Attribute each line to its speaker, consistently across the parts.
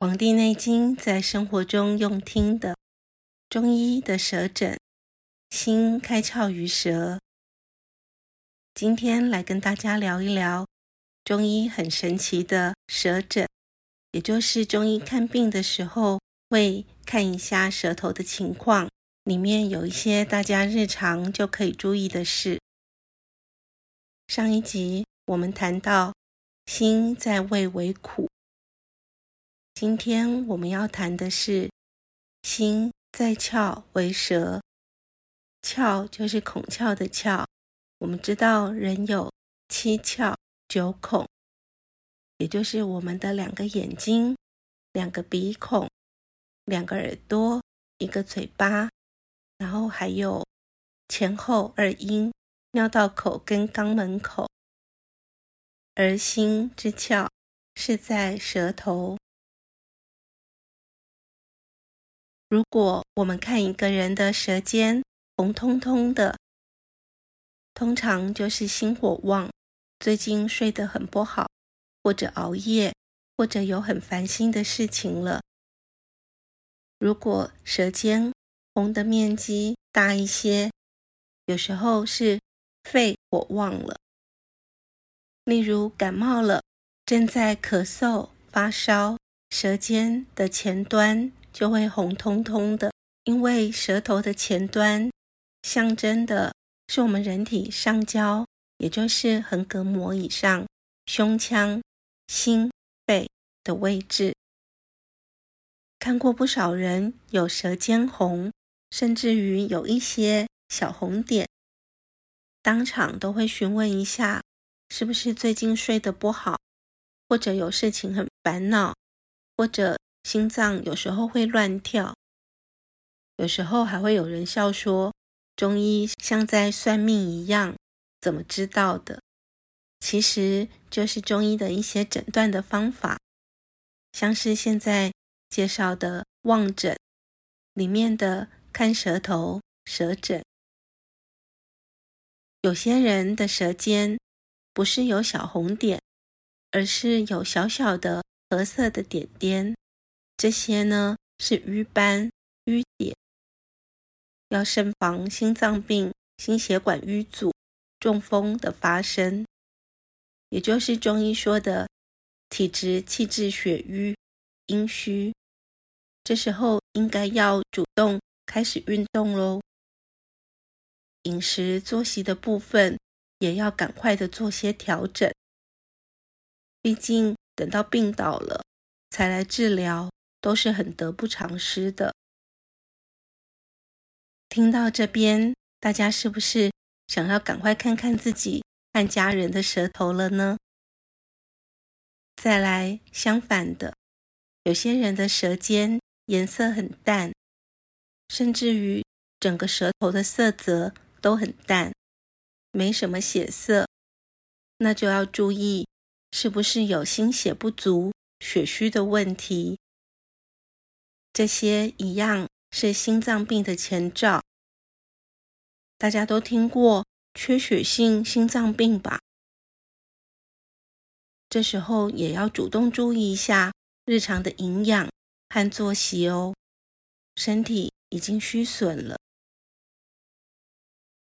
Speaker 1: 《黃帝內經》在生活中用聽的，中醫的舌診，心開竅於舌。今天來跟大家聊一聊中醫很神奇的舌診，也就是中醫看病的時候會看一下舌頭的情況，裡面有一些大家日常就可以注意的事。上一集我們談到，心在味為苦。今天我們要談的是心在竅為舌，竅就是孔竅的竅。我們知道人有七竅九孔，也就是我們的兩個眼睛、兩個鼻孔、兩個耳朵、一個嘴巴，然後還有前後二陰、尿道口跟肛門口。而心之竅是在舌頭。如果我們看一個人的舌尖紅通通的，通常就是心火旺，最近睡得很不好，或者熬夜，或者有很煩心的事情了。如果舌尖紅的面積大一些，有時候是肺火旺了，例如感冒了，正在咳嗽、發燒，舌尖的前端。就會紅彤彤的，因為舌頭的前端象徵的是我們人體上焦，也就是橫隔膜以上、胸腔、心肺的位置。看過不少人有舌尖紅，甚至於有一些小紅點，當場都會詢問一下，是不是最近睡得不好，或者有事情很煩惱，或者。心臟有時候會亂跳，有時候還會有人笑說中醫像在算命一樣，怎麼知道的？其實就是中醫的一些診斷的方法，像是現在介紹的望診裡面的看舌頭舌診，有些人的舌尖不是有小紅點，而是有小小的褐色的點點。這些呢是瘀斑、瘀點，要慎防心臟病、心血管瘀阻、中風的發生，也就是中醫說的體質、氣滯、血瘀、陰虛。這時候應該要主動開始運動嘍，飲食、作息的部分也要趕快的做些調整，畢竟等到病倒了才來治療。都是很得不償失的。聽到這邊，大家是不是想要趕快看看自己和家人的舌頭了呢？再來，相反的，有些人的舌尖顏色很淡，甚至於整個舌頭的色澤都很淡，沒什麼血色，那就要注意是不是有心血不足、血虛的問題。這些一樣是心臟病的前兆，大家都聽過缺血性心臟病吧？這時候也要主動注意一下日常的營養和作息哦。身體已經虛損了，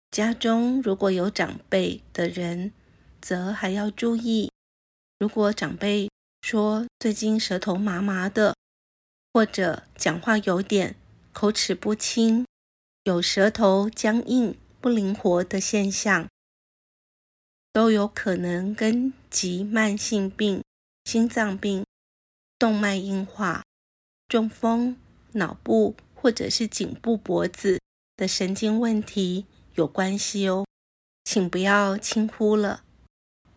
Speaker 1: 家中如果有長輩的人，則還要注意。如果長輩說最近舌頭麻麻的，或者講話有點口齒不清，有舌頭僵硬不靈活的現象，都有可能跟急慢性病、心臟病、動脈硬化、中風、腦部或者是頸部脖子的神經問題有關係哦。請不要輕忽了。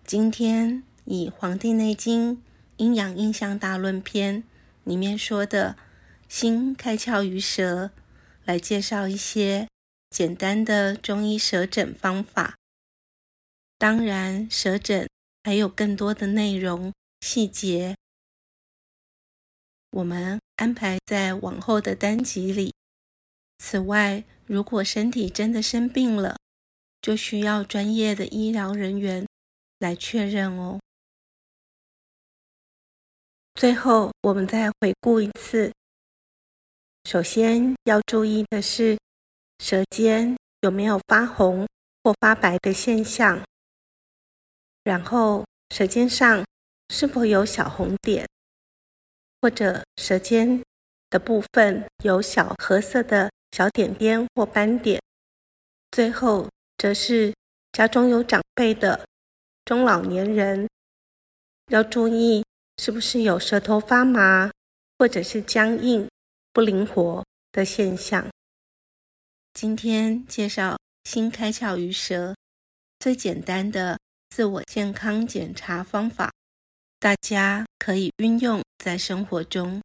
Speaker 1: 今天以《黃帝內經·陰陽應象大論篇》。裡面說的“心開竅於舌”，來介紹一些簡單的中醫舌診方法。當然，舌診還有更多的內容細節，我們安排在往後的單集裡。此外，如果身體真的生病了，就需要專業的醫療人員來確認哦。最後，我們再回顧一次。首先要注意的是，舌尖有沒有發紅或發白的現象；然後，舌尖上是否有小紅點，或者舌尖的部分有小褐色的小點點或斑點；最後，則是家中有長輩的中老年人要注意。是不是有舌頭發麻，或者是僵硬、不靈活的現象？今天介紹心開竅於舌，最簡單的自我健康檢查方法，大家可以運用在生活中。